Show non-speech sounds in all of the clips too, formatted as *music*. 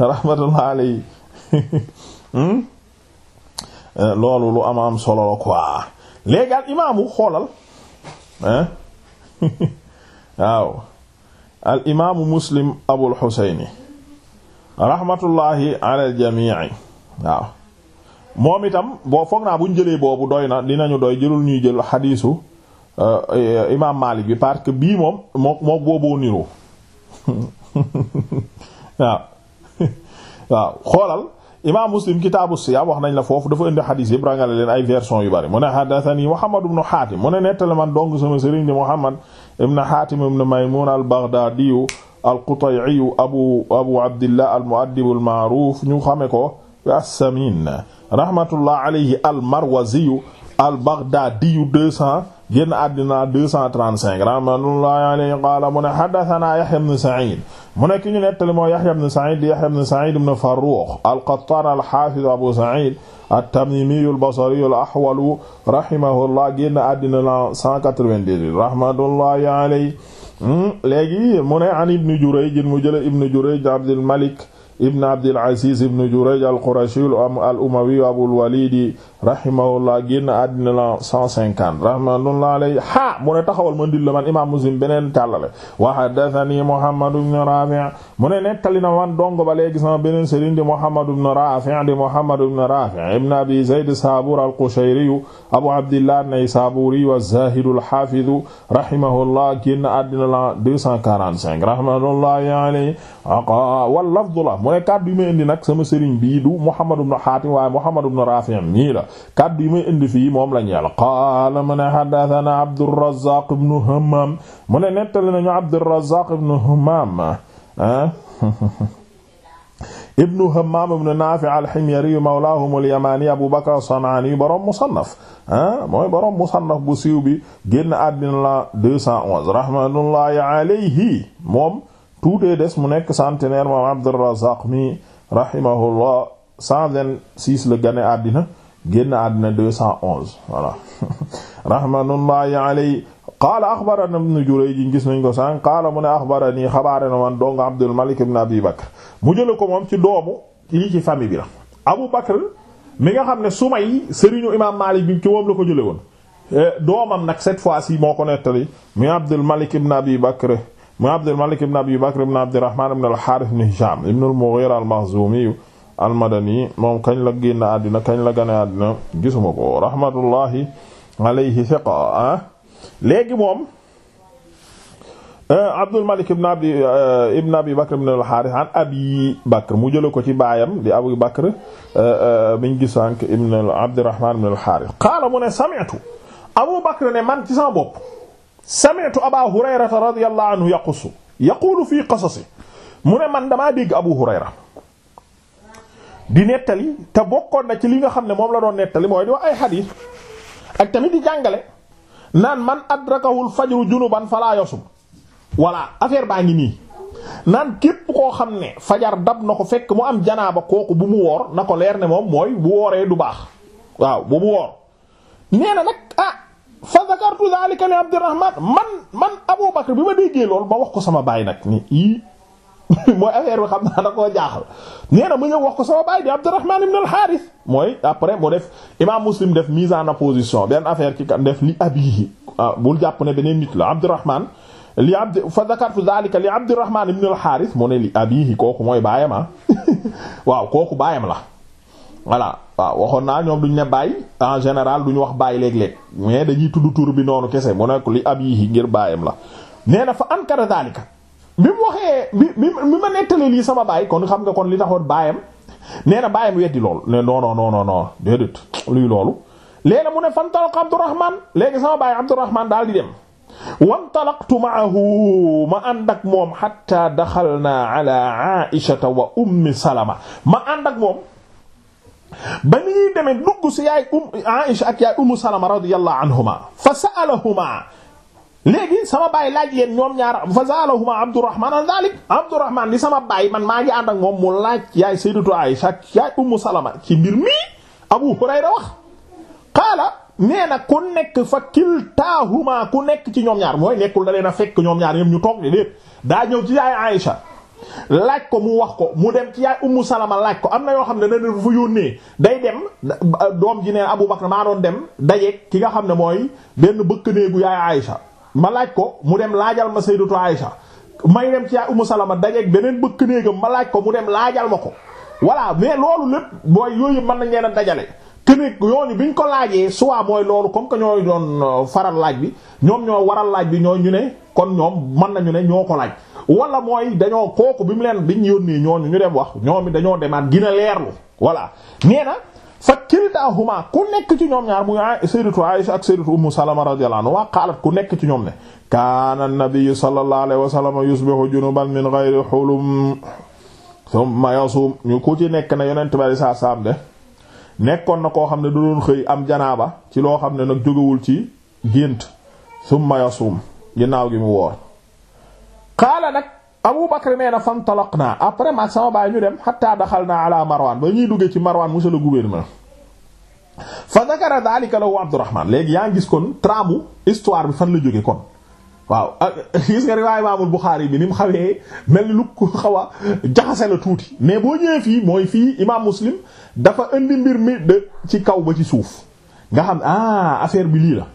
rahmatullah alayhi hmm? eh, loolu lu am am solo la quoi léegi al imaamu xoolal ah *laughs* waaw al imaamu muslim abul xuseyni rahmatullahi ala al jamii waaw moom itam boo foog naa buñ jëlee boobu doy na dinañu doy jëlul ñuy jël xadiisu eh, imaam Maalik bi parce bii moom moo moo booboo niroo *laughs* waaw waaw xoolal imam muslim kitaabu siyaam wax nañ la foofu dafa indi xadiis yëpp rangale leen ay version yu bari mu ne hadathani muhammad ibn hatim mu ne nettale man dong sama sëriñ di muhammad ibn hatim ibn maymun al baghdadiyu al qutayyu abu abu abdillah al muaddib al ma'ruf ñu xame ko as-samin rahmatullah alayhi al marwaziyu al baghdadiyu 200 génn àddina 235 rahmatullahi alayhi qaala mu ne haddathana Yahya ibn Sa'id mu ne ki ñu nettali moo Yahya ibn Sa'id di Yahya ibn Sa'id ibn Farrukh al-Qattan al-Hafiz Abu Sa'id at-Tamimi al-Basri al-Ahwal rahimahullah génn àddina la 198 rahmatullahi alayhi hmm, léegi mu ne an Ibn Jurayj mu jële Ibn Jurayj Abdul Malik ibn Abdil Aziz ibn Jurayj al-Qurashi al-Umawi Abul Walid rahimahullah génn àddina la 150 rahmatullahi alayhi ha mu ne taxawal ma ndil la man imam Muslim beneen càllale wa haddathani Muhammad ibn Rafi' mu ne nettali na man dong ba léegi sama beneen sëriñ di Muhammad ibn Rafi' di Muhammad ibn Rafi' ibn Abi Zayd Sabur al-Qushayri Abu Abdillah an-Naysaburi az-Zahid al-Hafiz rahimahullah génn àddina la 245 rahmatullahi alayhi wal lafdh mu ne kàddu yi may indi nag sama sëriñ bii du Muhammad ibn Hatim waaye Muhammad ibn Rafi' ñii la kàddu yi may fii moom la ñeel qaala mu ne haddathana Abdurrazzaq ibn Hammam mu ne nettali nañu ah. *laughs* Naafi' al mawlaahum al Abu Bakr sanaani borom musannaf ah mooy borom musannaf bu siiw bi génn àddina la 211 rahmatullahi alayhi moom tuutee des mu nekk centenaire moom Abdurrazzaq mi rahimahullah cent vingt-six la gane àddina génn àddina deux cent onze voilà *laughs* rahmatullahi alayhi qaala axbarana ibnu Jurayj gis nañ ko sànq qaala mu ne axbarani xabaare na man dong Abdul Malik ibn Abi Bakr mu jële ko moom ci doomu lii ci famille bi la Abu Bakr mi nga xam ne Sumay sëriñu imaam Malik bi ci moom la ko jële woon eh, doomam nag cette fois-ci moo ko nettali muy Abdul Malik ibn Abi Bakr mu Abdul Malik ibn Abi Bakr ibn Abdurrahman ibn al-Harith ibn Hisham ibn al-Mughira al-Makhzumi al-Madani moom kañ la génn àddina kañ la gane àddina gisuma ko rahmatullahi alayhi thiqa ah léegi moom eh, Abdul Malik ibn Abi eh, ibn Abi Bakr ibn al-Harith an Abi Bakr mu jële ko ci baayam di Abu Bakr miñ eh, gis sànq ibn Abdurrahman ibn al-Harith qaala mu ne sami'tu Abu Bakr ne man ci sama bopp sami'tu aba hurayrata radiyallahu anhu yaqusu yaqulu fii qasasi mu ne man damaa dégg abu hurayra di nettali te bokkoon na ci li nga xam ne moom la doon nettali mooy di wax ay xadiis ak tamit di jàngale naan man adrakahul fajru junuban falaa yosum voilà affaire baa ngi nii naan képp koo xam ne fajar dab na ko fekk mu am janaaba kooku bu mu woor na ko leer ne moom mooy bu wooree du baax waaw bu mu woor nee na nag ah, fa zakartu zalika li Abdurrahman man man bi ma déggee lool ma wax ko sama baay nag ni ii *laughs* mooy affaire bi xam naa da ko jaaxal nee na mu ñëw wax ko sama baay di Abdurrahman ibn al mooy après mu def imam Muslim def mise en opposition benn affaire ci kan def li abihi ah, bul jàpp ne beneen nit la Abdurrahman li abdi fa zakartu zalika li Abdurrahman ibn al-Harith mu ne li abihi kooku mooy baayam ah *laughs* waaw kooku baayam la waaw waxoon naa ñoom duñ ne baay en général duñu wax baay léeg-léeg mais dañuy tudd tur bi noonu kese mu nekk li ab yi ngir baayam la nee na fa ankara daalika bi mu waxee bi bi ma nettalee lii sama baay kon xam nga kon li taxoon baayam nee na baayam weddi lool ne non non non non déedéet luy loolu léegi mu ne fantalaq Abdurrahman léegi sama baay Abdurrahman daal di dem wantalaqtu maahu ma ànd ak moom hatta daxalna ala Aisha wa ummi ma ànd ak moom ba ni ñuy demee dugg si yaay um Aïcha ak yaay Ummu Salama radiyallahu anhuma fa sa'alahuma léegi sama baay laaj leen ñoom ñaar fa sa'alahuma Abdurrahman an dalik Abdurrahman di sama baay man maa ngi ànd moom mu laaj yaay Sayyidatu Aïcha ak yaay Ummu Salama ci mbir mi Abu Hurayra wax qaala nee na ku nekk fa kiltaahuma ku nekk ci ñoom ñaar mooy nekkul da leen a fekk ñoom ñaar ñu toog de déet daa ñëw ci yaay Aïcha laaj ko mu wax ko mu dem ci yaay ummu salama laaj ko am na yoo xam ne dana fa yónnee day dem doom ji ne Abu Bakr maa doon dem dajeeg ki nga xam ne mooy benn bëkk néegu yaay Aïcha ma laaj ko mu dem laajal ma sayyidatu Aïcha may dem ci yaay ummu salama dajeeg beneen bëkk néegam ma laaj ko mu dem laajal ma ko voilà mais loolu lépp mooy yooyu mën nañ leen a dajale kënig yooni biñ ko laajee soit mooy loolu comme que ñooy doon euh, faral laaj bi ñoom ñoo waral laaj bi ñooy ñu ne kon ñoom mën nañu ne ñoo ko laaj wala mooy dañoo kooku bi mu leen biñ yónnee ñooñu ñu dem wax ñoom dañoo demaat gina leerlu voilà nee na fa kiltaahuma ku nekk ci ñoom ñaar muy sayyidatu Aisha ak sayyidatu Ummu Salama radiyallahu ku nekk ci ñoom ne kaana an-nabiyyu sallallahu alayhi wa sallam yusbihu junuban min ghayri hulum thumma yasum ñu ku ci nekk na yonent bari saa saam nekkoon na koo xam ne du doon xëy am janaaba ci loo xam ne nag jógawul ci gént thumma yasum ginnaaw gi mu woor qaala nag Abu Bakr nee na fantalaq naa après ma sama baay ñu dem hatta daxal naa ala ba ñuy duggee ci Marwan monsieur le gouverneur fa zakara daalika lahu Abdurrahman léegi yaa ngi gis kon tramu histoire bi fan la jóge kon waaw gis nga riwaay Imaamul Buxaari bi ni mu xawee mel ni lu ko xaw jaxase la tuuti mais boo ñëwee fii mooy fii Imaam Muslim dafa indi mbir mi ci kaw ba ci suuf nga xam ah affaire bi lii la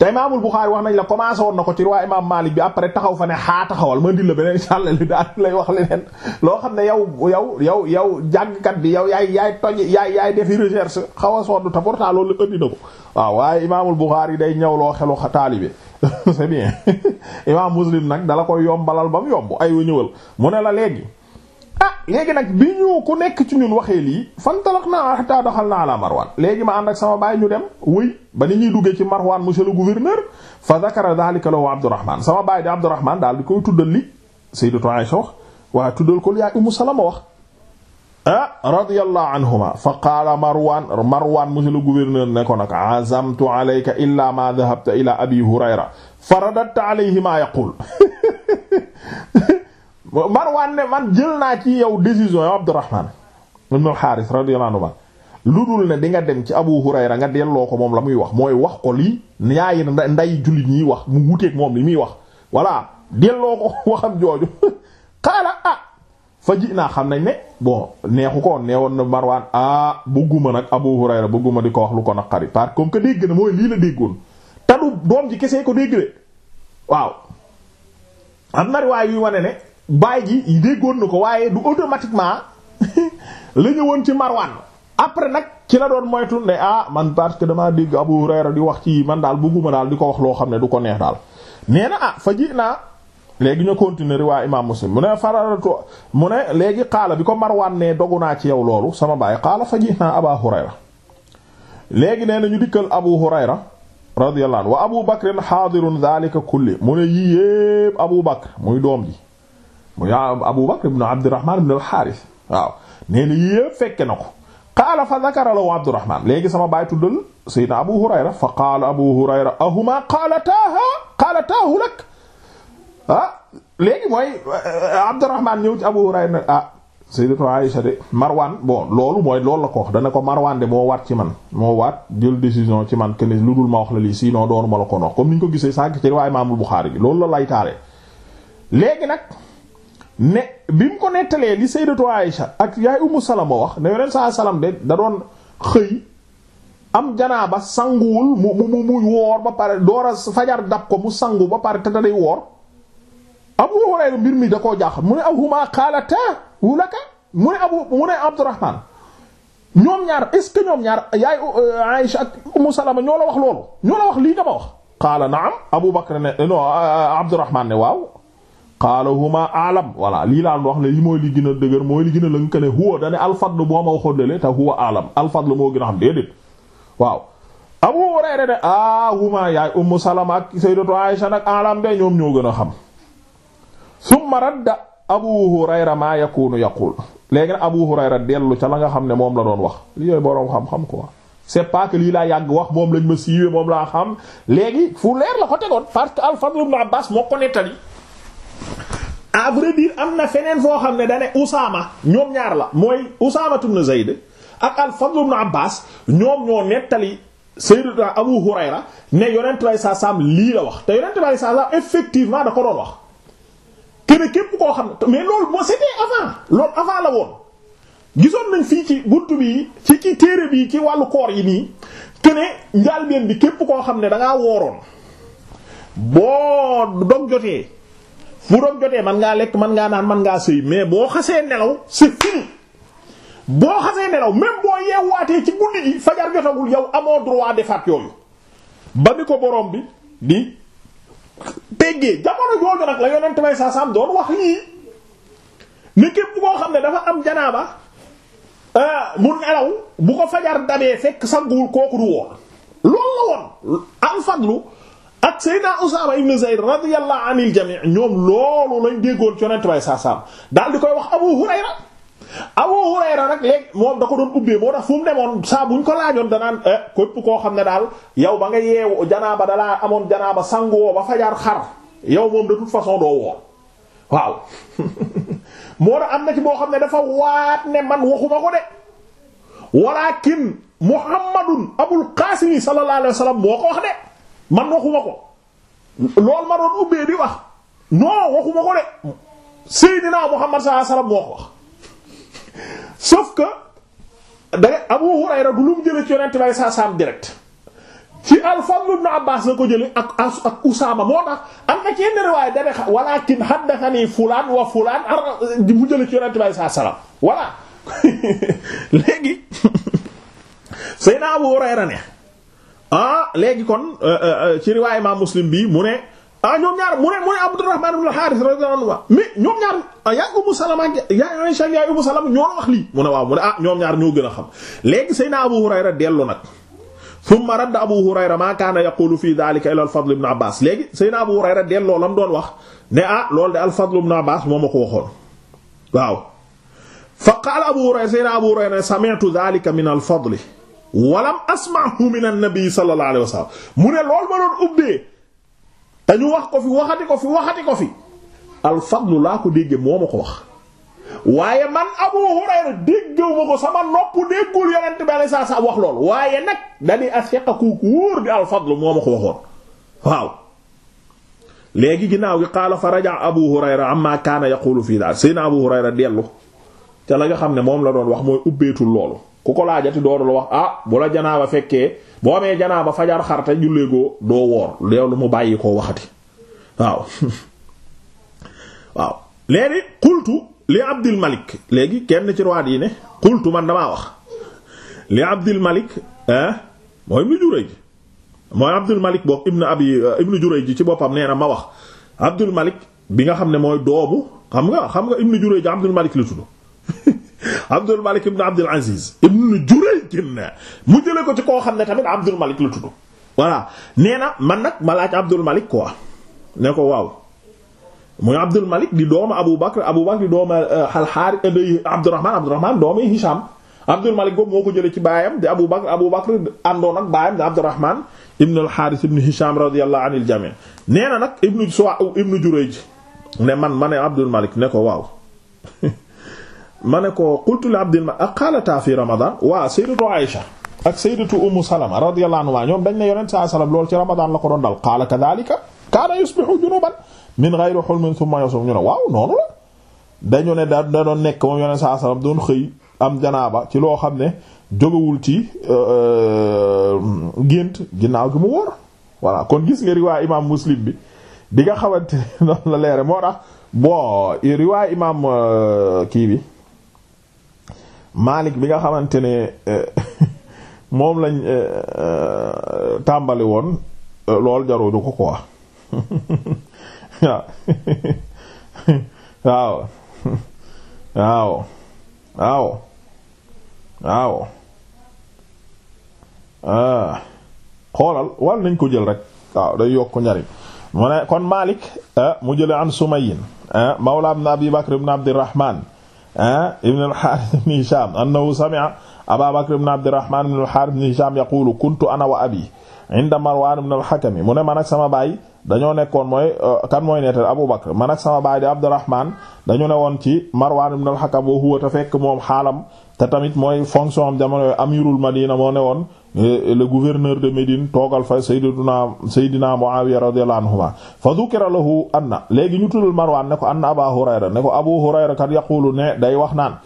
te imaamul Buxaari wax nañ la commencé woon na ko ci riwaay imaam Maalik bi après taxaw fa ne xaa taxawal ma di la beneen sàll li daal lay wax leneen loo xam ne yow yow yow yow jàngkat bi yow yaay yaay toj yaay yaay defi recherche xaw a sonn te pourtant loolu la na ko waaw waaye imaamul Buxaari day ñëw loo xelu taalibe *laughs* c'est bien *laughs* imaam Muslim nag dala koy yombalal ba mu yomb ay wu ñëwal mu ne la léegi. ah léegi nag bi ñu ku nekk ci ñun waxee lii fantalax naa hatta daxal marwan léegi ma ànd sama baay ñu dem wëy ba ni ñuy duggee ci marwan monsieur le gouverneur fa zakara dhalika lahu abdurrahman sama baay di abdurrahman daal di ko tuddal li sayyidatu aisha wax waaye tuddal ko yaay ummu salama wax ah radiyallahu anhuma fa qaala marwan marwan monsieur le gouverneur ne ko nag azamtu alayka illa ma dhahabta ila abi hurayra faradat alayhi ma yaqul *laughs* Marwan ne man jël naa ci yow décision yow Abdurrahman ibn Haris radiyallahu anhu lu dul ne di nga dem ci Abu Hurayra nga delloo ko moom la muy wax mooy wax ko lii ñaayi nday jullit ñiy wax mu wuteeg moom li muy wax voilà delloo ko *laughs* waxam jooju *laughs* xaala ah fa ji naa xam nañ ne bon neexu ko ne woon na Marwan ah bëgguma nag Abu Hurayra bëgguma di ko wax lu ko naqari par que comme que dégg na mooy lii la déggoon te du doom ji kesee ko dégg de waaw am na baay ji déggoon na ko waaye du automatiquement *laughs* la woon ci Marwan après nag ci la doon moytu ne ah man parce que damaa dégg Abu Hurayra di wax ci man daal bëgguma daal di ko wax loo xam ne du ko neex daal nee na ah fa ji naa léegi ñu continuer riwaa imam Muslim mu ne fararatu mu ne léegi xaala bi ko Marwan ne dogu naa ci yow loolu sama baay xaala fa ji naa Aba Hurayra léegi nee na ñu dikkal Abu Hurayra radiyallahu anhu wa Abu Bakr xaadirun dhalika kulli mu ne yii yépp Abu doom ji muy Abu Bakr ibn Abdurrahman ibn al-Harith waaw nee na yépp fekke na ko qaala fa dhakara lahu Abdurrahman léegi sama baay tuddal sayyidina Abu Hurayra fa qaala Abu Hurayra ahuma qaalataha qaalatahu lak ah léegi mooy eh, Abdurrahman ñëw ci Abu Hurayra ah sayyidatu Aisha de Marwan bon loolu mooy loolu la ko wax dana ko Marwan de moo waat ci man moo waat jël décision ci man que lu dul ma wax la lii sinon doonu ma la ko nox comme ni ñu ko gisee sànq ci riwaay Imaamul bi loolu la lay taale léegi ne bi mu ko nettalee li sayyidatu Aïsha ak yaay Ummu Salama wax ne yoneen saa salam de da doon xëy am janaaba sanguwul mu mu woor ba pare doora a fajar dab ko mu sangu ba pare te da day woor Abu Hurayra mbir mi da koo jaaxal mu ne ahumaa xaalataa abu mu ne ñoom ñaar est-ce que ñoom ñaar yaay euh, Aïsha ak ñoo la wax loolu ñoo la wax lii nga ma wax. qaala naam Abu Bakr ne non euh, Abdurrahman ne waaw. qaala huma alam voilà lii laan wax li mooy li a dëgër mooy li gën a lënka ne huwa dane alfadl boo ma waxoon lale te huwa alam alfadl moo gën a xam déedéet waaw Abu Hurayra ne ah huma yaay Ummu de a Abu Hurayra dellu ca la nga xam ne moom la doon wax li yooyu boroom xam-xam quoi c'est pas lii laa yàgg wax moom lañ ma siiwee moom laa xam léegi fu leer la ko tegoon parce que al-Fadl ibn moo ko nettali à vrai dire am na feneen foo xam ne dane Usaama ñoom ñaar la mooy Usaama ibn Zayd ak al-Fadl ibn Abbas ñoom ñoo nettali Sayyidina Abu Hurayra ne yonent bay saa lii la wax te yonent bay saa effectivement da ko doon wax kene képp koo xam ne mais loolu moo c'était avant loolu avant la woon gisoon nañ fii ci buntu bi ci ci téere bi ci wàllu koor yi nii kene njaalbeen bi képp koo xam ne da ngaa wooroon boo dog jotee fu doon jotee man ngaa lekk man ngaa naan man ngaa sëy mais boo xasee nelaw c'est fini boo xasee nelaw même boo yeewaatee ci guddi gi fajar jotagul yow amoo droit defaat yooyu ba ni ko borom bi di teggee jamono jooju nag la yonent may saa saam doon wax lii ni képp koo xam ne dafa am janaaba ah, mu nelaw bu ko fajar dabee fekk sanguwul kooku du woon loolu la woon al fadlu ak Seydina Usaama ibn Zayd radiyallahu anil jami' ñoom loolu lañ déggoon ci yonent saasaam daal di koy wax Abu Hurayra Abu Hurayra nag léegi moom da ko doon ubbee moo tax fu mu demoon saa buñ ko laajoon danaan eh, képp koo xam ne daal yow ba nga yeewu janaaba dalaa amoon janaaba sanguwoo ba fajar xar yow moom de toute façon doo woor waaw *laughs* moo tax am na ci boo xam ne dafa waat ne man waxuma ko de walakin Muhammadun Abul Qasim sallallahu alayhi ko wax man waxuma ko loolu ma waxuma ko de Seydina Muhammad sallallahu alayhi wasallam moo ko wax sauf que da Abu Hurayra du lu mu jëlee ci yonent bay saa saam direct ci al-Fadl ibn Abbas la ko jëlee ak ak Usaama moo tax am na ci yenn riwaaya da ne walakin haddathani fulaan wa fulaan ar mu jëlee ci yonent bay saa salaam voilà *laughs* léegi *laughs* Seydina Abu Hurayra ne. ah léegi kon euh, euh, euh, ci riwaay imaam muslim bi mu ne ah ñoom ñaar mu ne mu ne Abdurrahman ibn al-Harith radiyallahu anhu mais ñoom ñaar ah, yaa Ummu Salama yaa Aisha yaa Ummu Salama ñoo wax lii mu ne waaw mu ne ah ñoom ñaar ñoo gën a xam léegi Seydina Abu Hurayra dellu nag thumma radda Abu Hurayra ma kaana yaqulu fi dhalika ila al-Fadl ibn Abbas léegi Seydina Abu Hurayra delloo lam doon wax ne ah loolu de al-Fadl ibn Abbas moo ma ko waxoon waaw fa qaala Abu Hurayra Seydina Abu Hurayra sami'tu dhalika min al-Fadl walam asma'hu min an-nabi sallallahu alayhi wasallam mu ne loolu ma doon ubbee te ñu wax ko fi waxati ko fi waxati ko fi al-Fadl laa ko déggee moo ma ko wax waaye man Abu Hurayra déggewu ma ko sama nopp déggul yonent bi saa saa wax lool waaw léegi ginnaaw gi qaala fa raja Abu Hurayra amma kaana yaqulu fii daal seen Abu Hurayra dellu te la nga xam ne moom la doon wax mooy ubbeetul loolu ku ko laajati dooru la wax ah bu la janaaba fekkee boo amee janaaba fajar xarte julleegoo doo woor loolu mu bàyyi koo waxati waaw *laughs* waaw léegi qultu li abdul malik léegi kenn ci riwaat yi ne qultu man damaa wax li abdul malik mooy ibnu juray ji mooy abdul malik bokk ibnu abi euh, ibnu juray ji ci boppam nee na ma wax abdul malik bi nga xam ne mooy doomu xam nga xam nga ibnu juray ji abdul malik la tudd *laughs* Abdul Malik ibn mu jëlee ko ci koo xam ne tamit Abdul Malik la tudd voilà nee na man nag ma laaj Abdul Malik quoi ne ko waaw muy Abdul Malik di doomu Abu Bakr Abu Bakr di doomu euh, al-Harith euh, di Abdurrahman Abdurrahman doomu Hisham ko jëlee ci baayam di Abu Bakr Abu Bakr àndoon ak baayam di Abdurrahman ibn al-Harith ibn Hisham radiyallahu anil jami' nag ibn Suwa ne man ma ne Abdul waaw *laughs* ma ne ko qultu li Abdul Malik waa sayyidatu ak sayyidatu Ummu Salama radiyallahu dañ ne yonent lool ci Ramadan la ko doon dal qaala kadhalika kaana yusbihu junuban min ghayri hulmin thumma yasum ñu ne waaw noonu la dañu nekk moom yonent saa salaam doon am janaaba ci loo xam ne jógewul ci euh, euh, gént ginnaaw gi mu wóor kon gis nga riwaay imaam Muslim bi bi nga xamante noonu la leere moo tax bon imaam euh, kii bi Malik bi nga xamante ne eh, *laughs* moom lañ eh, eh, tàmbali woon lool jaruñu ko quoi *laughs* waaw waaw waaw waaw ah. xoolal wal nañ ko jël rek waaw day yokk ñari mu ne kon Malik mu jële am Sumayyin mawla ibn Abi Bakr ibn Abdirrahman Ah, ibn al-Harith ibn Hisham annahu sami'a Aba Bakr ibn Abdurrahman ibn al-Harith ibn Hisham yaqulu kuntu ana wa abi Marwan ibn al-Hakam mu man ak sama baay dañoo nekkoon mooy euh, kan mooy nettal Abu Bakr man ak sama baay di Abdurrahman dañu ne woon ci Marwan ibn al-Hakam wa huwa ta fekk moom xaalam te tamit mooy fonction am jamono amirul Madina moo ne woon le gouverneur de Médine toogal fa sayyidina sayyidina Muawiya radiyallahu anhuma fa dhukira lahu anna léegi ñu tuddul Marwan ne ko anna Aba Hurayra ne ko Abu Hurayra kat yaqulu ne day wax naan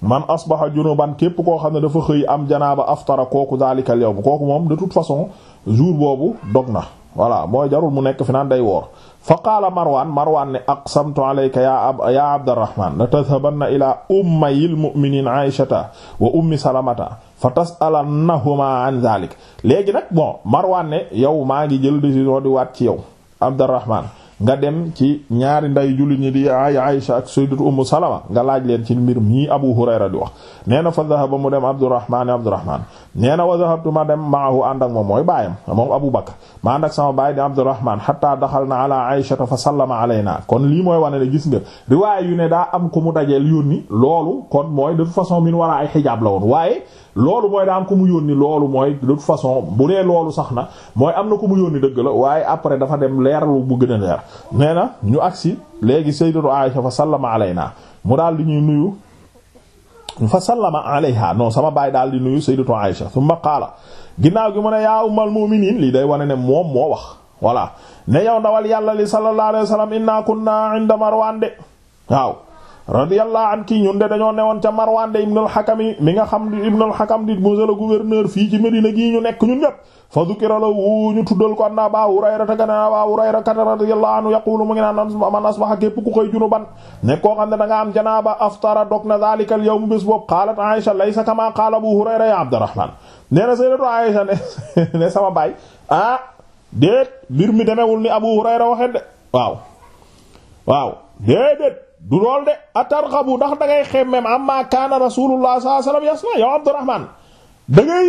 man asbaha junuban képp koo xam ne dafa xëy am janaaba aftara kooku daalikal yawm kooku moom de toute façon jour boobu dog na voilà mooy jarul mu nekk fi naan day woor fa qaala marwan marwan ne aqsamtu alayka ya abdarrahman la tadhabanna ila ummayil mu'minin aishata wa ummi salamata fa tas'alannahuma an dhalik léegi nag bon marwan ne yow maa ngi jël décision di waat ci yow abdarrahman nga dem ci ñaari nday jullit ñi di ay Aïsha ak sayyidatu Ummu Salama nga laaj leen ci mbir mii Abu Hurayra di wax nee na fa dhahaba mu dem Abdurrahman Abdurrahman nee na wa dhahabtu ma dem maahu ànd ak moom mooy baayam moom Abu Bakr ma ànd ak sama baay di Abdurrahman hatta na ala Aïsha fa sallama alayna kon lii mooy wane ne gis nga riwaaya yu ne daa am ko mu dajeel yónni loolu kon mooy de toute façon min wara ay xijaab la woon waaye loolu mooy daa ko mu yónni loolu mooy de toute façon bu dee loolu sax na mooy am na ko mu yónni dëgg la waaye après dafa dem leeralu bu gën a leer nee na ñu agsi léegi sayyidatu Aisha fa sallama alayna mu daal di ñuy nuyu fa sallama alayha non sama baay daal di nuyu sayyidatu Aisha thumma qaala ginnaaw gi mu ne yaa ummal mu'minin lii day wane ne moom moo wax voilà ne yow ndawal yàlla li sallallahu alayhi wasallam inna kunna inda marwan de waaw radiyallahu an kii ñun de dañoo newoon ca Marwan de ibn al-Hakam mi xam di ibn al-Hakam di monsieur le gouverneur fii ci ñu nekk ñun ñëpp fa dhukira lahu ñu tuddal ko anna Abu Hurayra te gana Abu Hurayra kat radiyallahu anhu yaqulu mu ngi naan man asbaha képp ku ne koo xam ne da nga am janaaba aftara dog na dhalika al-yawm bés boobu qalat Aisha laysa kama qala Abu Hurayra ya Abdurrahman nee na sayyidatu Aisha ne *laughs* ne baay ah déet mbir mi demewul ni Abu Hurayra waxe de waaw waaw déedéet du lool de atarxabu ndax da ngay xemmem amma kaana rasulullah sallallahu alayhi wasallam yasna yow Abdurrahman da ngay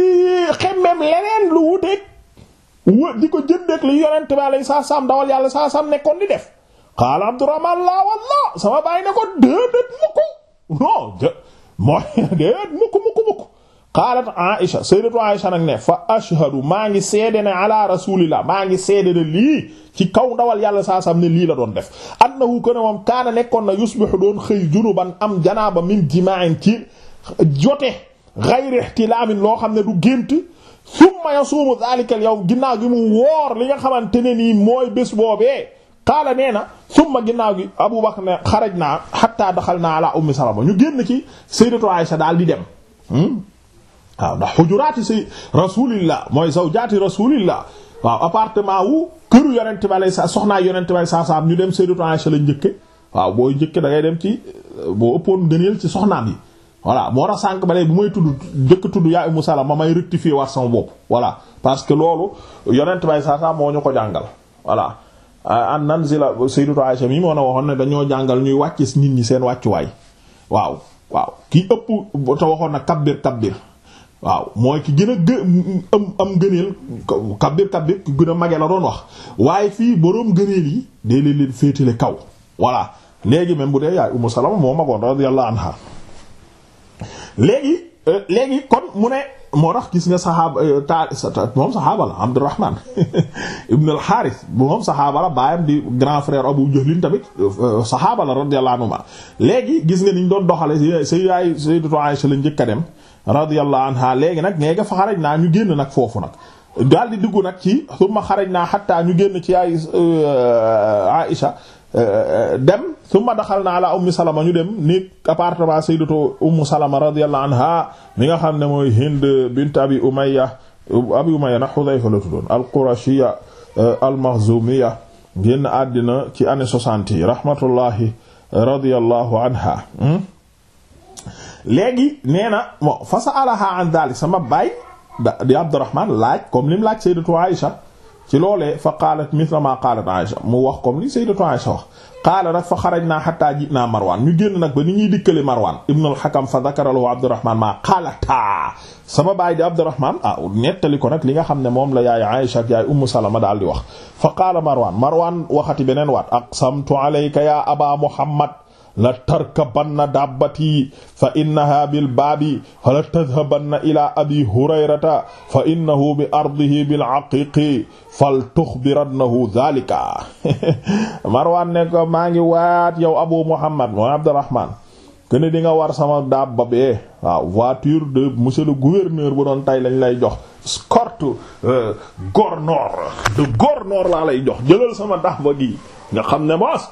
xemmem leneen lu wuteeg di ko jëndeeg li yonent bi alayhi salaam dawal yàlla saa sam nekkoon di def qaala Abdurrahman la wallah sama bàyyi ne ko déedéet mukk non mooy *laughs* déedéet mukk mukk mukk qaalat Aïcha sayyidatu Aïcha nag ne fa ashhadu maa ngi seede ne ala rasulillah maa ngi seede lii ci kaw dawal yàlla saa sam ne lii la doon def annahu kana moom kaana nekkoon na yusbihu doon xëy junuban am janaaba min jimaa'in ci jote ghayri ihtilaamin loo xam ne du gént summa yasuumu dhaalika al-yawm ginnaaw gi mu woor li nga xamante ne nii mooy bés boobee qaala nee na summa ginnaaw gi Abu Bakr ne xaraj naa hatta daxal naa ala ummi Salama ñu génn ci sayyidatu Aïcha daal di dem hmm? waaw ah, ndax xujuraati si rasulillah mooy zawjaati rasulillah waaw appartement wu këru yonente bi alay sa soxnaa yonente bi alay sa ñu dem Sayyidatu Aisha la njëkke waaw booy njëkke da ngay dem ci boo ëppoon gëneel ci soxnaam yi voilà moo tax sànq ba léegi bu may tudd njëkk tudd yaa Umu Salama may rectifier war sama bopp voilà parce que loolu yonente bi alay sa salaam moo ñu ko jàngal nan ah, an nanzila Sayyidatu Aisha mi moo na waxoon ne dañoo jàngal ñuy wàcc nit ñi seen wàccu waay waaw waaw kii ëpp te waxoon na kabbir kabbir waaw mooy ki gën a gë am am gëneel kabir kabir ki gën a mage la doon wax waaye fii boroom gëneel yi dee leen leen féetale kaw voilà léegi même bu dee yaay Umu Salama moo magoon radiyallahu anha léegi euh, léegi kon mu ne moo tax gis nga saxaaba euh, ta moom saxaaba la Abdurrahman *laughs* ibn al-Harith moom saxaaba la baayam di grand frère Abu Jahlin tamit euh, saxaaba la radiyallahu anhuma léegi gis nga niñ doon doxale say yaay Sayyidatu Aisha la njëkk a dem radiyallahu anha léegi nag nee nga fa xaraj naa ñu génn nag foofu nag daal di dugg nag ci summa xaraj naa xatta ñu génn ci ay euh, Aïcha euh, dem summa daxal naa la ummi salama ñu dem ni appartement sayyidatu ummu salama radiyallahu anha mi nga xam ne mooy hind bint abi umayya abi umayya nag xudayfa la tuddoon al qurashiyya euh, al maxzumiyya génn àddina ci année soixante yi rahmatullahi radiyallahu anha hmm? léegi nee na bon fa sa'alaha an dalik sama baay di Abdurrahman laaj comme li mu laaj sayyidatu Aïsha ci loolee fa qaalat mithla ma qaalat Aïsha mu wax comme li sayyidatu Aïsha wax qaala nag fa xarajnaa xatta ji'naa Marwan ñu génn nag ba ni ñuy dikkale Marwan ibn al-Hakam fa dhakara lahu Abdurrahman maa qaalataa sama baay di Abdurrahman ah nettali ko nag li nga xam ne moom la yaay Aïsha ak yaay Ummu Salama daal di wax fa qaala Marwan Marwan waxati beneen waat aqsamtu alayka ya aba Muhammad la tarkabanna dabbati fa innaha bil baabi fala tadhabanna ila abi hurayrata fa innahu bi ardihi bil aqiqi fal tuxbirannahu dhalika Marwan ne maa ngi waat yow Abu Muhammad mooy Abdurrahman kene di nga war sama dabba bee waaw voiture de monsieur le gouverneur bu doon tay lañ lay jox escorte euh, gornor de gornor laa lay jox jëlal sama dabba gi nga xam ne moos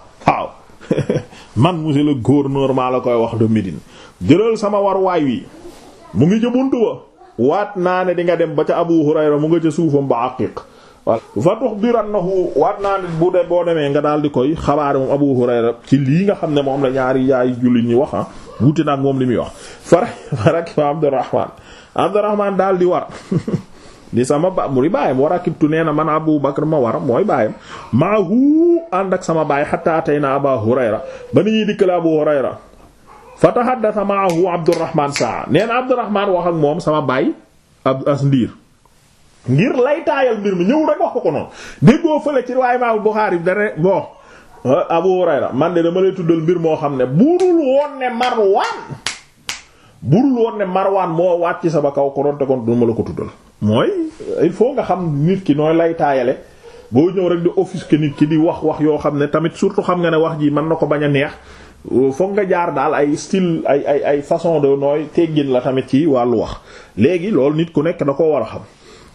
*laughs* man monsieur le gouverneur maa la koy wax de Médine jëlal sama war waay wi mu ngi ca buntu ba waat naa ne di nga dem ba ca Abu Hurayra mu nga ca suufam ba àqiq voilà fa tuxbirannahu waat naa ne bu boo demee nga daal di koy xabaar moom Abu Hurayra ci lii nga xam ne moom la ñaari yaay jullit ñi wax ah wuute na ak moom li muy wax. Farak *laughs* Farak Abdurrahman Abdurrahman daal di war. *laughs* di sama ba muy baayam war a kibtu nee man Abu Bakr ma war mooy baayam maahu ànd ak sama baay hatta atayna Aba Hurayra ba ni ñuy dikk la Abu Hurayra fa tahaddatha maahu Abdurrahman saa nee na Abdurrahman wax ak moom sama baay ab as ngir lay taayal mbir mi ñëw rek wax ko ko noonu déggoo fële ci waaye Imaam Buxaari dane bon Abu Hurayra man de dama lay tuddal mbir moo xam ne bu woon ne Marwan burul woon ne Marwan moo waat ci sama kaw konoon te kon duma la ko tuddal mooy il faut nga xam nit ki nooy lay taayale boo ñëw rek di offusquer nit ki di wax wax yoo xam ne tamit surtout xam nga ne wax jii mën na ko bañ a neex foog nga jaar daal ay style ay ay ay façon de nooy teggin la tamit ci wàllu wax léegi loolu nit ku nekk da ko war a xam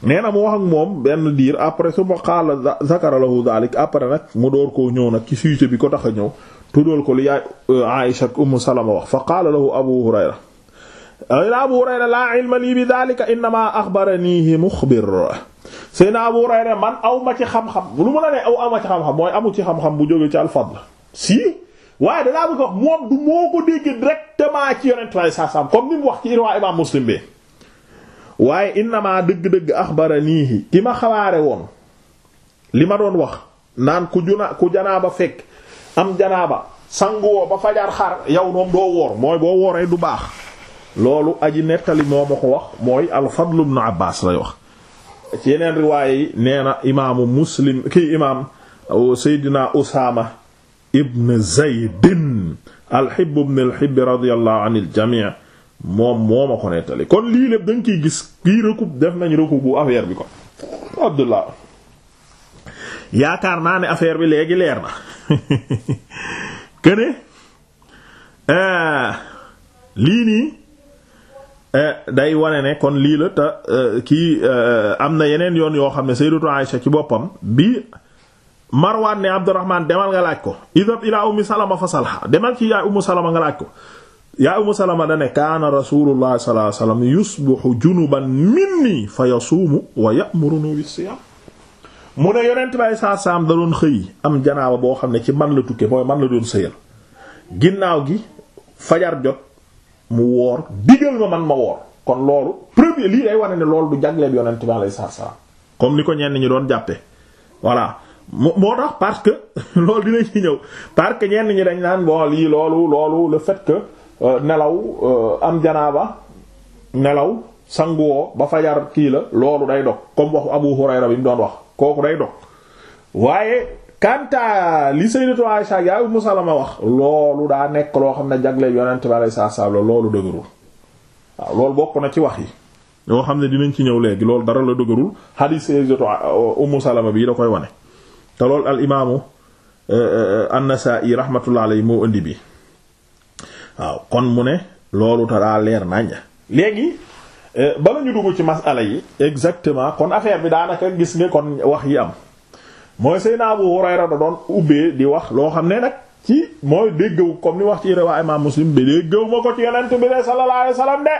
nee na mu wax ak moom benn diir après su ma xaala zakara lahu dalik après nag mu door koo ñëw nag ci sujet bi ko tax a ñëw tuddal ko li yaay Aïcha ak Umm Salama wax fa qaala lahu Abu Hurayra ila Abu Hurayra laa ilma lii bi daalika innamaa axbaranihi muxbir Seydina Abu Hurayra man aw ma ci xam-xam lu mu la ne aw aw ma ci xam-xam mooy amu ci xam-xam bu jógee ci al-Fadl si waaye da laa bëgg wax moom du moo ko dégg directement ci Yonent bi saa saam comme ni mu wax ci riwaayu Imaam Muslim bi waaye innamaa dëgg-dëgg axbaranihi ki ma xabaare woon li ma doon wax naan ku juna ku janaaba fekk am janaaba sanguwoo ba fajar xar yow moom doo woor mooy boo wooree du baax. loolu aji nettali moo ma ko wax mooy al-Fadl ibn lay wax ci yeneen riwaaye yi nee na imaamu Muslim kii imaam uh, Seydina Usaama ibn Zaydin al-Hibb ibn al-Hibb radiyallahu anil kon lii dañ kiy gis kii recoupé def nañ recoupé bu affaire bi ko Abdullah yaakaar naa ne affaire bi léegi leer na *laughs* kene eh, Eh, day wane ne kon lii la te eh, kii eh, am na yeneen yoon yoo xam ne sayyidatu Aisha ci boppam bi Marwaan ne Abdurrahman demal nga laaj ko idhab ila ummi salama fasalha demal ci yaay ummu salama nga laaj ko yaa umu salama dane kaana rasulullah sallallahu alayhi wasallam yusbihu junuban minni fa yasuumu wa ya'muruna bis-siyaam mu ne yonent bay saasaam da doon xëy am janaaba boo xam ne ci man la tukke mooy man la doon sëyal ginnaaw gi fajar jot mu woor digal ma man ma woor kon loolu premier lii day wane ne loolu du jagleeb yonent bi alayhi salaam comme ni ko ñenn ñu doon jàppe voilà moo tax parce que *laughs* loolu dina ci ñëw parce que ñenn ñi dañ naan bon lii loolu loolu le fait que euh, nelaw euh, am janaaba nelaw sanguwoo ba fajar kii la loolu day dog comme waxu Abu Hurayra bi mu doon wax kooku day dog waaye kanta li sayyidatu Aisha ya Ummu Salama wax loolu daa nekk loo xam ne jagleel yonent bi alayhi salaam la loolu dëgërul waaw loolu bokk na ci wax yi yoo xam ne dinañ ci ñëw léegi loolu dara la dëgërul hadith sayyidatu Ummu Salama bi da koy wane te loolu al imaamu eh, eh, an-Nasaa'i rahmatullahi alayhi moo indi bi waaw kon mu ne loolu te daa leer nañ léegi eh, bala ñu dugg ci masala yi exactement kon affaire bi daanaka gis nga kon wax yi am mooy Seydina Abu Hurayra da doon ubbee di wax loo xam ne nag ci mooy déggawu comme ni wax ci riwaa Imaam Muslim bi déggawu ma ko ci yonent bi de sallallahu alayhi de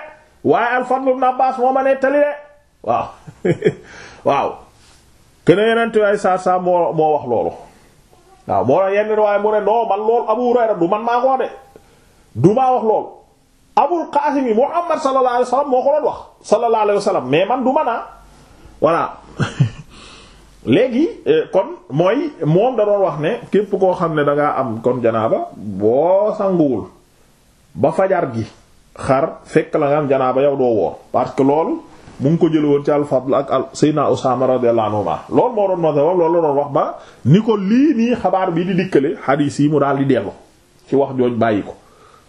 waaye al-Fadl ibn moo ma nettali de waaw *laughs* waaw kene yonent waay saa saa moo moo wax loolu waaw moo la yenn riwaay mu ne non man loolu Abu Hurayra du man maa ko de du maa wax loolu Abul Qaasim yi Muhammad sallallahu alayhi moo ko doon wax sallallahu alayhi wasallam man du man naa ah. *laughs* léegi euh, kon mooy moom da doon wax ne képp koo xam ne da ngaa am kon janaaba boo sanguwul ba fajar gi xar fekk la nga am janaaba yow doo woor parce que loolu mu ngi ko jëlee woon ci ak fadl ak al Seydina Usaama radiyallahu anhuma loolu moo doon mos a wax loolu la doon wax ba ni ko lii nii xabaar bi di dikkale xadiis yi mu daal di dellu ci wax jooj bàyyi ko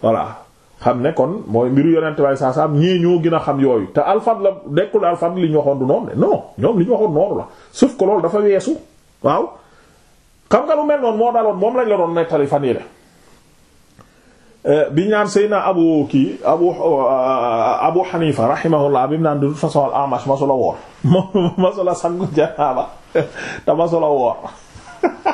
voilà. xam nekkoon mooy mbiru yonente way saa saam ñoo gën a xam yooyu te alfadl la dekkul alfadl li ñu waxoon du noonu de non ñoom li ñu waxoon noonu la sauf que loolu dafa weesu waaw xam nga lu mel noonu moo daloon moom lañ la doon nettali fan yi de eh, bi ñaan Seydina Abu kii Abu eh, eh, Abu Hanifa rahimahullah bi mu naan de toute façon al Amash masula woor *laughs* masula sangu janaaba *laughs* te masula woor *laughs*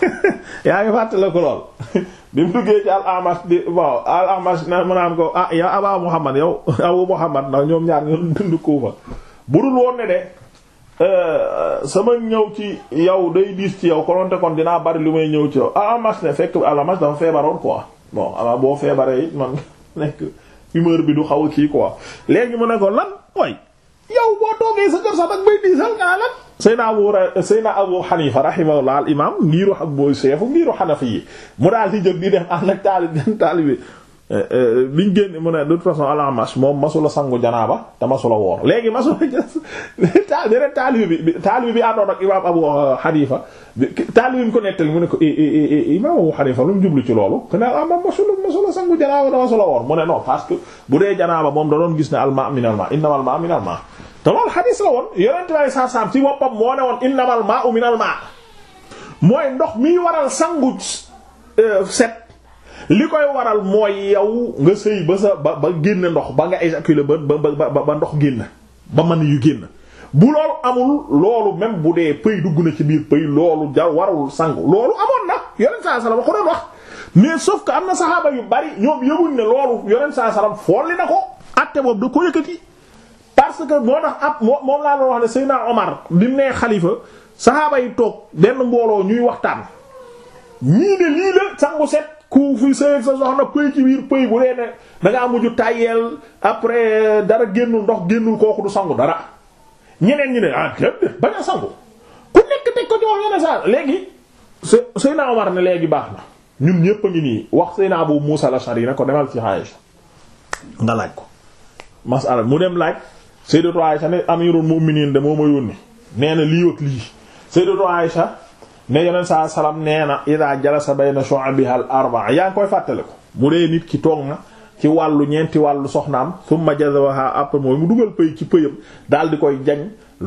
*laughs* yaa ngi fàttale ko lool *laughs* bi mu duggee ci al amash di waaw al amash na mu naan ko ah ya aba muhammad yow *laughs* abu muhammad ndax ñoom ñaar nga dund kuufa budul woon ne de euh, sama ñëw ci yow day diis ci yow kononte kon dinaa bari lu may ñëw ci yow amash ne fekk al amash dafa feebaroon quoi bon ama boo feebaree it man nekk humeur bi du xaw a kii quoi léegi mu ne ko lan way yow boo toogee sa kër sax nag may diisal nga lan Seyna Abu Seyna Abu Hanifa rahimahullah al imam ngiiru ak booy seefu yi mu daal di di dem ànd *laughs* taalibi eh, eh, *laughs* bi taalibi ak imam Abu eh, Hanifa taalibi bi ko nettali mu ne ko imam Abu Hanifa lu mu jublu ci loolu que ah, sangu janaaba te masula woor mu ne non parce que bu dee janaaba moom da doon gis ne al min al-ma' innama min al te loolu xadis la woon yonente bi saa saam ci boppam moo ne woon innamal maa'u minal maa' mooy ndox miy waral sangu euh, set li koy waral mooy yow nga sëy ba sa ba ba génn ndox ba nga éjaculer ba ba ba ndox génn ba mën yu génn bu loolu amul loolu même bu dee pëy dugg na ci biir pëy loolu jar warul sangu loolu amoon na yonent saa salaam ko wax mais sauf que am na saxaaba yu bari ñoom yëguñ ne loolu yonent saa salaam na ko. atte boobu da ko yëkkati. parce que moo tax ab moo moom laa doon wax ne Seydina Omar bi xalifa saxaaba yi toog benn mbooloo ñuy waxtaan ñii ne lii la sangu set ku fi sëyeeg sa soxna pëy ci biir pëy bu dee ne da ngaa mujj tàyyeel après dara génnul ndox génnul kooku du sangu dara ñeneen ñi ne ah déedéet bañ a sangu ku nekk teg ko ci wax saa léegi Seydina Omar ne léegi baax na. ñun ñëpp a ngi nii wax seyna Abu Musa al-Ashari na ko demal ci Aisha nga laaj ko masala mu dem laaj Sayyidatu Aisha ne amirul mu'minin de moo ma yónni nee na lii ak lii Sayyidatu Aisha ne yeneen saa salaam nee na ida jalasa bayna shu'abiha al arba'a yaa ngi koy fàttale ko mu dee nit ki toog na ci wàllu ñeenti wàllu soxnaam thumma jazawaha après mooy mu dugal pëy ci pëyam dal di koy jañ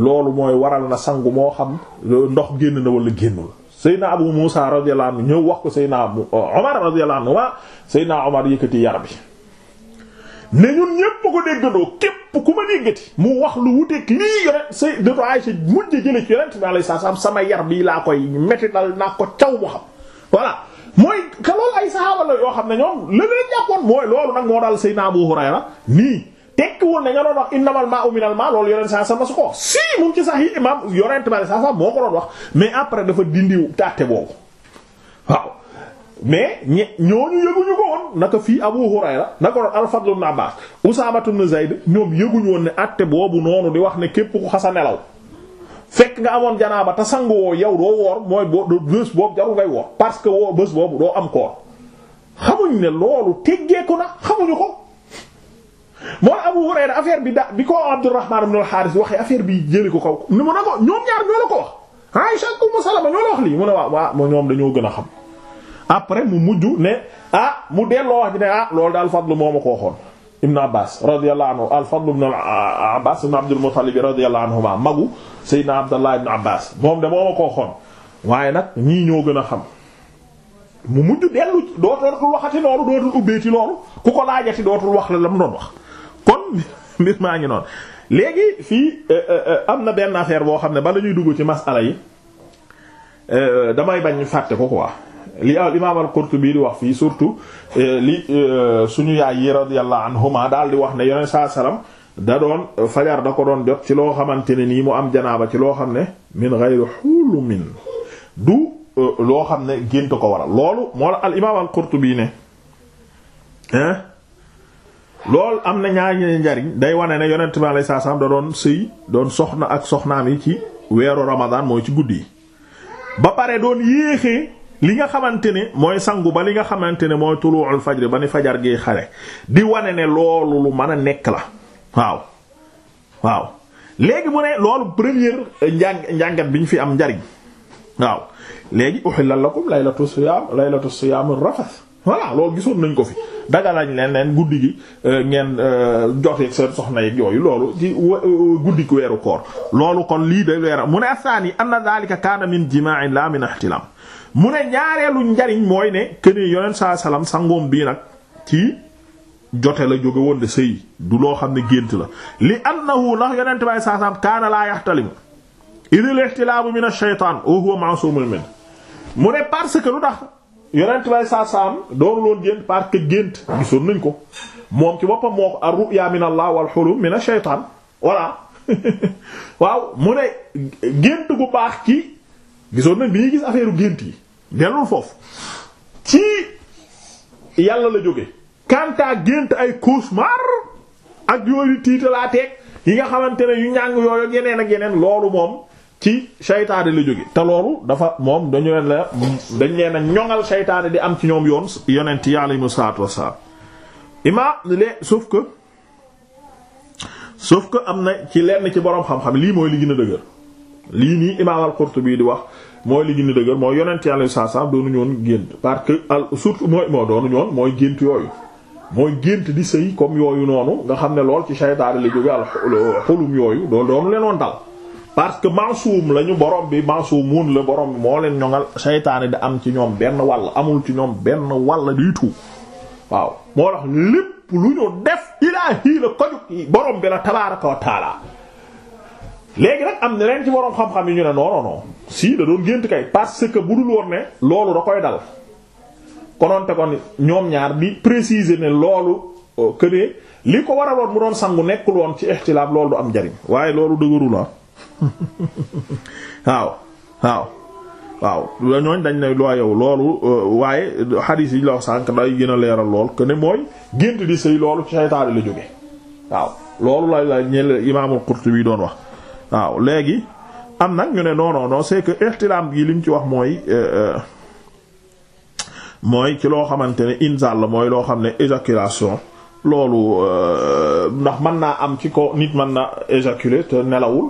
loolu mooy waral na sangu moo xam euh, ndox génn na wala génnul Seydina Abu Musa radiyallahu anhu ñëw wax ko Seydina euh, Omar radiyallahu anhu wa Seydina Omar yëkkati yar bi ne ñun ñépp ko déggandoo képp ku ma déggati mu wax lu wuteeg lii yore sa dëto Aysa mujj jële ci yonent bi alayhi salaam sama yar bii laa koy méttital naa ko caw mu xam voilà mooy que loolu ay saxaaba la yoo xam ne ñoom la leen jàppoon mooy loolu nag moo daal Seydina Abu Hurayra nii tekki woon nañu doon wax innamal maa'u minal maa' loolu yonent saa sama su ko si mu ngi ci Sahih imam yonent bi alayhi salaam moo ko doon wax mais après dafa dindiw tàtte boobu mais ñe ñooñu yëguñu ko woon naka fii Abu Hurayra naka doon al-Fadl ibn Abbas Zayd ñoom yëguñu woon ne àtte boobu noonu di wax ne képp ku xasa nelaw fekk nga amoon janaaba te sangu woo yow doo woor mooy boo bés boobu jaru ngay woor parce que woor bés boobu doo am koor xamuñ ne loolu teggeeku na xamuñu ko mooy Abu Hurayra affaire bi da bi ko Abdurrahman ibn al-Harith waxee affaire bi jëli ko kaw ko ñoom ñaar ñoo la ko wax Aisha ummu Salama ñoo wax lii ñoom dañoo gën a xam après mu mujj ne ah mu delloo wax ji ne ah loolu daal Fadlu moo ma ko waxoon Ibn Abbas radiyallahu anhu al-Fadl ibn ah, ah, Abbas ibn Abdul Muttalib radiyallahu anhuma magu Seydina Abdallah ibn Abbas moom de moo ma ko waaye nag ñii ñoo gën a xam mu mujj dellu dootul waxati loolu dootul ubbeeti loolu ku ko laajati dootul wax la la mu doon wax kon *laughs* mbir maa ngi noon léegi fii eh, eh, eh, am na benn affaire boo xam ne ba lañuy dugg ci masala yi damay bañ fàtte ko quoi. li al imaam al-Qurtubi di wax fii surtout eh, li eh, suñu yaay yi radiyallahu anhuma daal di wax ne yoneen saa salaam da doon eh, fajar da ko doon jot ci loo xamante ne nii mu am janaaba ci loo xam ne min ghayri hulumin du loo xam ne gént ko waral loolu moo la al imaam al-Qurtubi ne loolu am na ñaari njariñ day wane ne yonent bi alayhi salaam da doon sëy doon soxna ak soxnaam yi ci weeru Ramadan mooy ci guddi yi ba pare doon yéexee li nga xamante ni mooy sangu ba li nga xamante ne mooy tulu'ul fajr ba ni fajar gi xare di wane ne loolu lu mën a nekk la waaw waaw léegi mu ne loolu première njàng njàngat bi ñu fi am njariñ waaw léegi uhilla lakum laylatu siyam laylatu siyam rafas voilà loolu gisoon nañ ko fi daga lañ leen leen guddi gi euh, ngeen euh, joteeg seen soxna yeeg yooyu loolu ci euh, guddi gi weeru koor loolu kon lii day leeral mu ne asaani anna dhalika kaana min jimaa'in la min ihtilam mu ne ñaareelu njariñ mooy ne keneen yoneen sa salaam sangoom bii nag ci jote la jóge woon de sëy du loo xam ne gént la li annahu ndax yonent bay saa salaam kaana laa yaxtalimu idil ihtilaamu min ash-shaytaan wa huwa ma'suumun min mu ne parce que lu tax yonent bay saa saam doonul woon gént parce gént gisoon nañ ko moom ci boppam moo ko ar-ru'ya min Allah wal hulum min ash-shaytan voilà *laughs* waaw mu ne gént gu baax ci gisoon nañ bi ñuy gis affaire gént yi dellul foofu ci yàlla la jóge kantaa gént ay cauchemar ak yooyu tiitalaatee yi nga xamante ne yu ñàng yooyu yeneen ak yeneen loolu moom ci seytaane la jóge te loolu dafa moom dañu leen la dañ leen a ñoŋal seytaane di am ci ñoom yoon yonent yi alayhimu salaatu wassalaam ima le sauf ka sauf que am na ci lenn ci boroom xam-xam lii mooy li gën a dëgër lii nii imaam al bii di wax mooy li gën a dëgër mooy yonent yàlla saa saa doonu ñoon gént parce que al surtout mooy moo doonu ñoon mooy gént yooyu mooy gént di sëy comme yooyu noonu nga xam ne lool ci seytaane la jóge al xulum yooyu doon doonu lenoon dal parce que maasuum lañu borom bi maasuumuun la borom bi moo leen ñoŋal seytaane da am ci ñoom benn wàll amul ci ñoom benn wàll du tout waaw moo tax lépp lu ñu def ilaahi la kojuk borom bi la tabaaraka wa léegi nag am na leen ci borom xam-xam yi ñu ne non non si da doon gént kay parce que bu dul woon ne loolu da koy dal kononte kon ñoom ñaar bi préciser ne loolu euh, que ne li ko waraloon mu doon sangu nekkul woon ci ixtilaaf loolu du am njariñ waaye loolu dëgëru ah. *laughs* waaw waaw waaw ñooñ dañ lay loo yow loolu euh, waaye xadiis yi la wax sànk day gën a leeral lool que ne mooy gént di sëy loolu seytaane la jóge waaw loolu la la ñeel imaamul Qurtubi doon wax waaw léegi am nag ñu ne non non non c'est que ihtilam gi lim ci wax mooy euh, euh, mooy ci loo xamante ne inzal la mooy loo xam ne éjaculation loolu ndax mën naa am ci ko nit mën na éjaculer te nelawul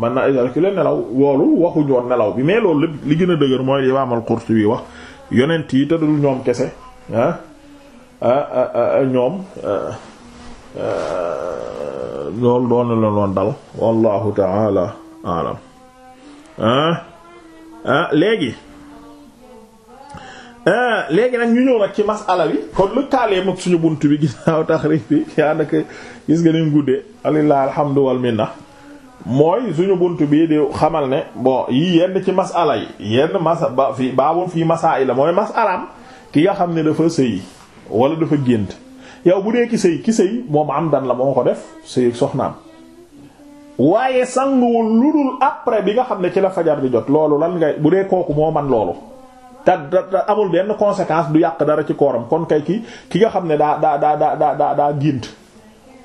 man na éjaculer nelaw loolu waxuñu woon nelaw bi mais loolu li gën a dëgër mooy imaam al-Qurtubi wax yonent yi te dul ñoom kese ah, ah, ah, ñoom loolu doon la loon dal wallahu taala alam léegi léegi nag ñu ñëw nag ci masala bi kon lu kaaleem ak suñu bunt bi ginaaw taxrib bi yaa nag gis nga ni mu guddee alhamdu wal minna mooy suñu bunt bii di xamal ne bo yi yenn ci mas masala yi yenn masa ba fi baabun fii masaa-il la mooy masalaam ki nga xam ne dafa sëy wala dafa gént yow bu dee ki sëy ki sëy moom am dan la moo ko def sëy soxnaam waaye sanguwul lu dul après bi nga xam ne ci la fajar bi jot loolu lan ngay bu dee kooku moo man loolu te amul benn conséquence du yàq dara ci kooram kon kay ki ki nga xam ne daa daa daa daa daa daa gént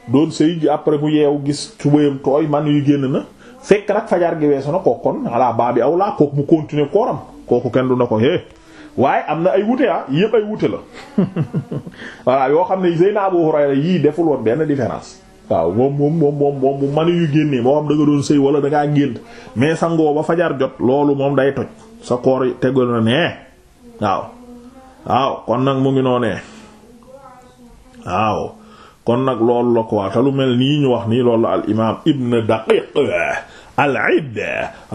doon sëy après mu yeewu gis subayam tooy man yu génn na fekk nag fajar gi weesu na kooku kon ala baa bi aw laa kooku mu continuer kooram kooku kenn du na ko é waaye am na ay wute ah yëpp ay wute la *laughs* voilà yoo xam ne Seydina Abu Hurayra yii deful benn différence waaw moom moom moom moom moom bu manu yu génnee moo xam da nga doon sëy wala da ngaa gént mais sa ngoo ba fajar jot loolu moom day toj sa koor tegal na nee nag mu ngi kon nag loolu la ko waata lu mel nii ñu wax nii loolu la al imaam ibn daqiq al iid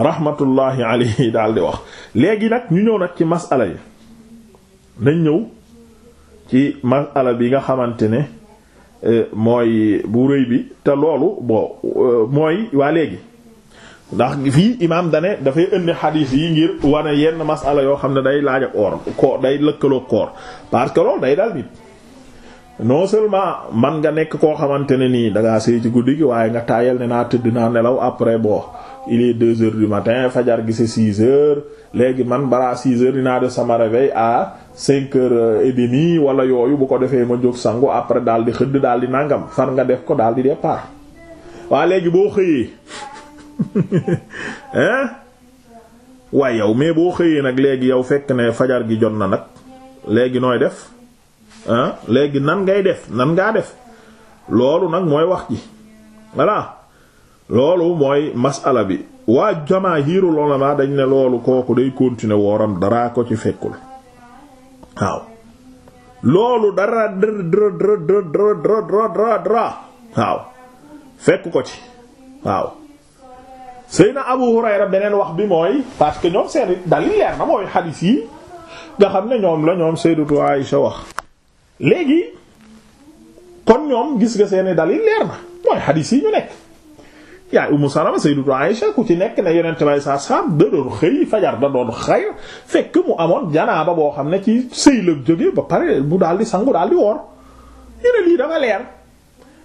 rahmatullahi alayhi daal di wax léegi nag ñu ñëw nag ci masala yi nañ ñëw ci masala bi nga xamante ne e, mooy bu rëy bi te loolu bo e, mooy waa léegi ndax fii imaam dane dafay indi xadiis yi ngir wane yenn masala yoo xam ne day laaj ak or ko day lëkkaloo koor parce loolu day dal nit non seulement man nga nekk koo xamante ne nii da ngaa sëy ci guddi gi waaye nga taayal ne naa tëdd naa nelaw après bon il est deux heures du matin fajar gi c'est six heures léegi man balaa six heures dinaa def sama réveil à cinq heures et demie wala yooyu bu ko defee ma jóg sangu après daal di xëdd daal di nangam far nga def ko daal di départ waa léegi boo xëyee *laughs* hein waaye yow mais boo xëyee nag léegi yow fekk ne fajar gi jot na nag léegi nooy def. léegi nan ngay def nan ngaa def loolu nag mooy wax ji voilà loolu mooy masala bi waa jamaahirul ulama dañ ne loolu kooku day continuer wooram daraa ko ci fekkul waaw loolu dara dra dra dra dra dra dra dra waaw fekk ko ci waaw Seyna Abu Hurayra beneen wax bi mooy parce que ñoom seen dalil leer na mooy xadiis yi nga xam ne ñoom la ñoom Sayyidatu Aisha wax léegi kon ñoom gis nga seeni dalil leer na mooy xadiis yi ñu nekk yaay Ummu Salama sayyidatu Aïsha ku ci nekk ne yonent bay saa saam da doon xëy fajar da doon xëy fekk mu amoon janaaba boo xam ne ci sëy la jóge ba pare mu daal di sangu daal di woor yéen lii dafa leer.